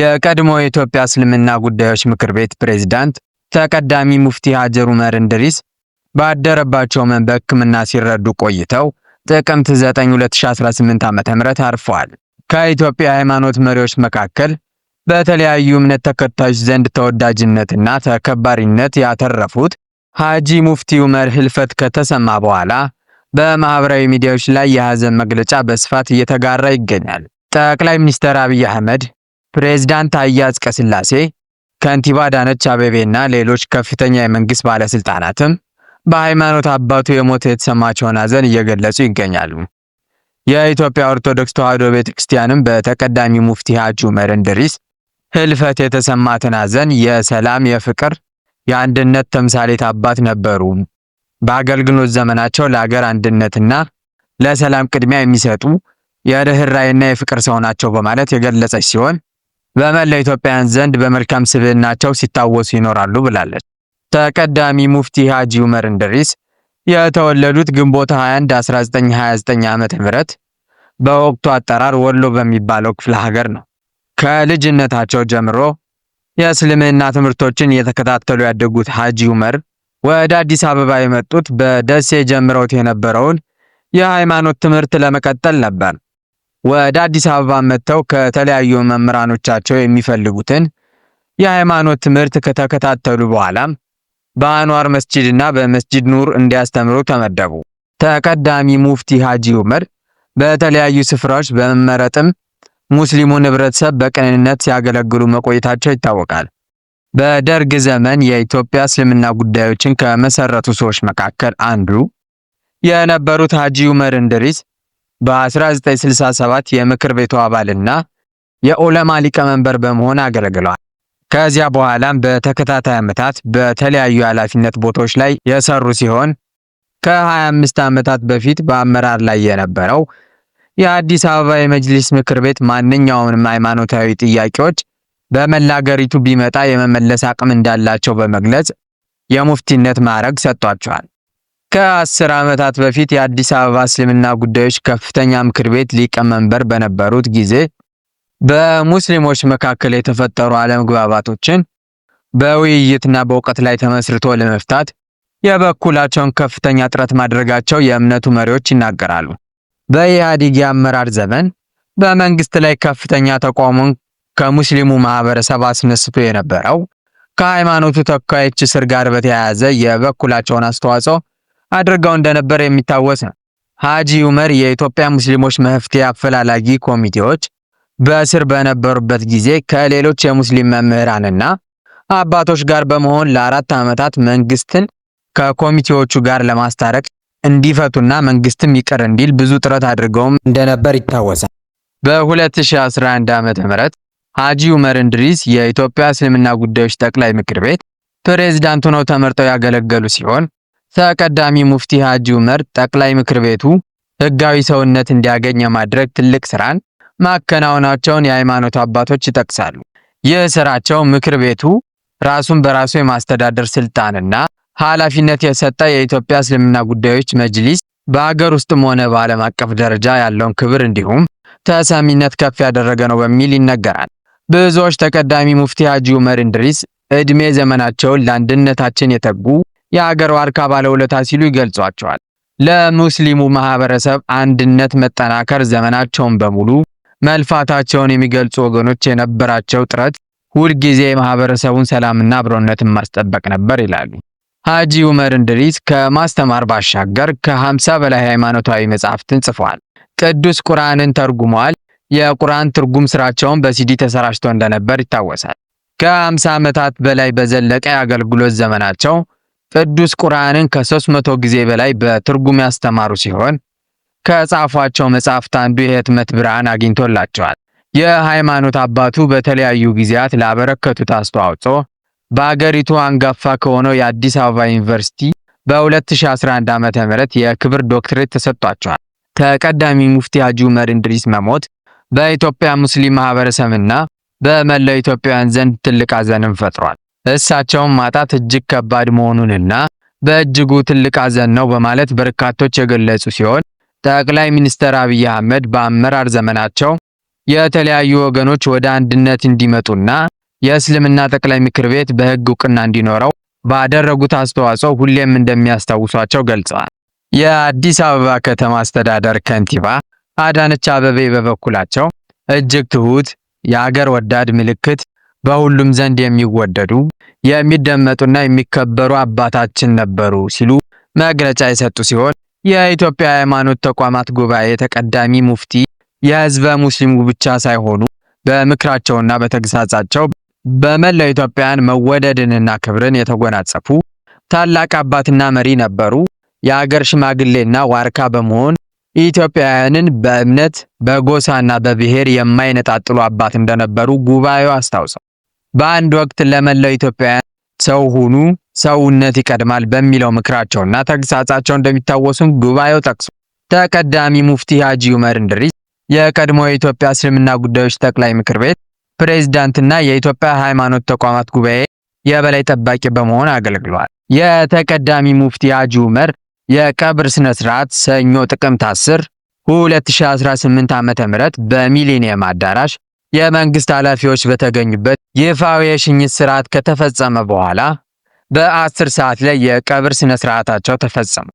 የቀድሞ የኢትዮጵያ እስልምና ጉዳዮች ምክር ቤት ፕሬዝዳንት ተቀዳሚ ሙፍቲ ሀጀር ዑመር እንድሪስ ባደረባቸው ሕመም በሕክምና ሲረዱ ቆይተው ጥቅምት 9 2018 ዓ.ም አርፈዋል። ከኢትዮጵያ ሃይማኖት መሪዎች መካከል በተለያዩ እምነት ተከታዮች ዘንድ ተወዳጅነትና ተከባሪነት ያተረፉት ሀጂ ሙፍቲ ዑመር ህልፈት ከተሰማ በኋላ በማህበራዊ ሚዲያዎች ላይ የሐዘን መግለጫ በስፋት እየተጋራ ይገኛል። ጠቅላይ ሚኒስትር አብይ አህመድ ፕሬዝዳንት ታዬ አጽቀሥላሴ፣ ከንቲባ አዳነች አቤቤና ሌሎች ከፍተኛ የመንግስት ባለስልጣናትም በሃይማኖት አባቱ የሞት የተሰማቸውን ሐዘን እየገለጹ ይገኛሉ። የኢትዮጵያ ኦርቶዶክስ ተዋሕዶ ቤተክርስቲያንም በተቀዳሚ ሙፍቲ ሐጂ ዑመር እንድሪስ ህልፈት የተሰማትን ሐዘን የሰላም፣ የፍቅር፣ የአንድነት ተምሳሌት አባት ነበሩ። በአገልግሎት ዘመናቸው ለአገር አንድነትና ለሰላም ቅድሚያ የሚሰጡ የርኅራኄና የፍቅር ሰው ናቸው በማለት የገለጸች ሲሆን በመላው ኢትዮጵያውያን ዘንድ በመልካም ስብዕናቸው ሲታወሱ ይኖራሉ ብላለች። ተቀዳሚ ሙፍቲ ሐጂ ዑመር እንድሪስ የተወለዱት ግንቦት 21 1929 ዓመተ ምህረት በወቅቱ አጠራር ወሎ በሚባለው ክፍለ ሀገር ነው። ከልጅነታቸው ጀምሮ የእስልምና ትምህርቶችን እየተከታተሉ ያደጉት ሐጂ ዑመር ወደ አዲስ አበባ የመጡት በደሴ ጀምረውት የነበረውን የሃይማኖት ትምህርት ለመቀጠል ነበር። ወደ አዲስ አበባ መጥተው ከተለያዩ መምህራኖቻቸው የሚፈልጉትን የሃይማኖት ትምህርት ከተከታተሉ በኋላም በአንዋር መስጂድና በመስጂድ ኑር እንዲያስተምሩ ተመደቡ። ተቀዳሚ ሙፍቲ ሐጂ ዑመር በተለያዩ ስፍራዎች በመመረጥም ሙስሊሙን ህብረተሰብ በቅንነት ሲያገለግሉ መቆየታቸው ይታወቃል። በደርግ ዘመን የኢትዮጵያ እስልምና ጉዳዮችን ከመሰረቱ ሰዎች መካከል አንዱ የነበሩት ሐጂ ዑመር እንድሪስ በ1967 የምክር ቤቱ አባልና የኦለማ ሊቀመንበር በመሆን አገለግለዋል። ከዚያ በኋላም በተከታታይ ዓመታት በተለያዩ የኃላፊነት ቦታዎች ላይ የሰሩ ሲሆን ከ25 ዓመታት በፊት በአመራር ላይ የነበረው የአዲስ አበባ የመጅሊስ ምክር ቤት ማንኛውንም ሃይማኖታዊ ጥያቄዎች በመላ አገሪቱ ቢመጣ የመመለስ አቅም እንዳላቸው በመግለጽ የሙፍቲነት ማዕረግ ሰጥቷቸዋል። ከአስር ዓመታት በፊት የአዲስ አበባ እስልምና ጉዳዮች ከፍተኛ ምክር ቤት ሊቀመንበር በነበሩት ጊዜ በሙስሊሞች መካከል የተፈጠሩ አለመግባባቶችን በውይይትና በእውቀት ላይ ተመስርቶ ለመፍታት የበኩላቸውን ከፍተኛ ጥረት ማድረጋቸው የእምነቱ መሪዎች ይናገራሉ። በኢህአዲግ የአመራር ዘመን በመንግስት ላይ ከፍተኛ ተቃውሞን ከሙስሊሙ ማህበረሰብ አስነስቶ የነበረው ከሃይማኖቱ ተወካዮች እስር ጋር በተያያዘ የበኩላቸውን አስተዋጽኦ አድርገው እንደነበር የሚታወስ ነው። ሐጂ ዑመር የኢትዮጵያ ሙስሊሞች መፍትሄ አፈላላጊ ኮሚቴዎች በእስር በነበሩበት ጊዜ ከሌሎች የሙስሊም መምህራንና አባቶች ጋር በመሆን ለአራት ዓመታት መንግስትን ከኮሚቴዎቹ ጋር ለማስታረቅ እንዲፈቱና መንግስትም ይቅር እንዲል ብዙ ጥረት አድርገውም እንደነበር ይታወሳል። በ2011 ዓ.ም ሐጂ ዑመር እንድሪስ የኢትዮጵያ እስልምና ጉዳዮች ጠቅላይ ምክር ቤት ፕሬዝዳንት ሆነው ተመርጠው ያገለገሉ ሲሆን ተቀዳሚ ሙፍቲ ሀጂ ዑመር ጠቅላይ ምክር ቤቱ ህጋዊ ሰውነት እንዲያገኝ የማድረግ ትልቅ ስራን ማከናወናቸውን የሃይማኖት አባቶች ይጠቅሳሉ። ይህ ስራቸው ምክር ቤቱ ራሱን በራሱ የማስተዳደር ስልጣንና ኃላፊነት የሰጠ የኢትዮጵያ እስልምና ጉዳዮች መጅሊስ በአገር ውስጥም ሆነ በዓለም አቀፍ ደረጃ ያለውን ክብር እንዲሁም ተሰሚነት ከፍ ያደረገ ነው በሚል ይነገራል። ብዙዎች ተቀዳሚ ሙፍቲ ሀጂ ዑመር እንድሪስ እድሜ ዘመናቸውን ለአንድነታችን የተጉ የሀገር ዋርካ ባለውለታ ሲሉ ይገልጿቸዋል። ለሙስሊሙ ማህበረሰብ አንድነት መጠናከር ዘመናቸውን በሙሉ መልፋታቸውን የሚገልጹ ወገኖች የነበራቸው ጥረት ሁልጊዜ የማህበረሰቡን ሰላምና አብሮነትን ማስጠበቅ ነበር ይላሉ። ሐጂ ዑመር እንድሪስ ከማስተማር ባሻገር ከ50 በላይ ሃይማኖታዊ መጻሕፍትን ጽፏል። ቅዱስ ቁርአንን ተርጉመዋል። የቁርአን ትርጉም ስራቸውን በሲዲ ተሰራጭቶ እንደነበር ይታወሳል። ከ50 ዓመታት በላይ በዘለቀ የአገልግሎት ዘመናቸው ቅዱስ ቁርአንን ከ300 ጊዜ በላይ በትርጉም ያስተማሩ ሲሆን ከጻፏቸው መጻሕፍት አንዱ የህትመት ብርሃን አግኝቶላቸዋል። የሃይማኖት አባቱ በተለያዩ ጊዜያት ላበረከቱት አስተዋጽኦ በአገሪቱ አንጋፋ ከሆነው የአዲስ አበባ ዩኒቨርሲቲ በ2011 ዓ ም የክብር ዶክትሬት ተሰጥቷቸዋል። ተቀዳሚ ሙፍቲ ሐጂ ዑመር እንድሪስ መሞት በኢትዮጵያ ሙስሊም ማህበረሰብና በመላው ኢትዮጵያውያን ዘንድ ትልቅ ሐዘንን ፈጥሯል። እሳቸውን ማጣት እጅግ ከባድ መሆኑንና በእጅጉ ትልቅ ሐዘን ነው በማለት በርካቶች የገለጹ ሲሆን ጠቅላይ ሚኒስትር አብይ አህመድ በአመራር ዘመናቸው የተለያዩ ወገኖች ወደ አንድነት እንዲመጡና የእስልምና ጠቅላይ ምክር ቤት በሕግ እውቅና እንዲኖረው ባደረጉት አስተዋጽኦ ሁሌም እንደሚያስታውሷቸው ገልጸዋል። የአዲስ አበባ ከተማ አስተዳደር ከንቲባ አዳነች አበቤ በበኩላቸው እጅግ ትሁት፣ የአገር ወዳድ ምልክት፣ በሁሉም ዘንድ የሚወደዱ የሚደመጡና የሚከበሩ አባታችን ነበሩ ሲሉ መግለጫ የሰጡ ሲሆን የኢትዮጵያ ሃይማኖት ተቋማት ጉባኤ ተቀዳሚ ሙፍቲ የህዝበ ሙስሊሙ ብቻ ሳይሆኑ በምክራቸውና በተግሳጻቸው በመላው ኢትዮጵያን መወደድንና ክብርን የተጎናጸፉ ታላቅ አባትና መሪ ነበሩ። የአገር ሽማግሌና ዋርካ በመሆን ኢትዮጵያውያንን በእምነት በጎሳና በብሔር የማይነጣጥሉ አባት እንደነበሩ ጉባኤው አስታውሷል። በአንድ ወቅት ለመላው ኢትዮጵያውያን ሰው ሁኑ ሰውነት ይቀድማል በሚለው ምክራቸውና ተግሳጻቸው እንደሚታወሱም ጉባኤው ጠቅሶ ተቀዳሚ ሙፍቲ ሀጂ ዑመር እንድሪስ የቀድሞ የኢትዮጵያ እስልምና ጉዳዮች ጠቅላይ ምክር ቤት ፕሬዝዳንትና የኢትዮጵያ ሃይማኖት ተቋማት ጉባኤ የበላይ ጠባቂ በመሆን አገልግሏል። የተቀዳሚ ሙፍቲ ሀጂ ዑመር የቀብር ስነ ስርዓት ሰኞ ጥቅምት 10 2018 ዓ.ም በሚሊኒየም አዳራሽ የመንግስት ኃላፊዎች በተገኙበት ይፋዊ የሽኝት ስርዓት ከተፈጸመ በኋላ በአስር ሰዓት ላይ የቀብር ስነ ስርዓታቸው ተፈጸመ።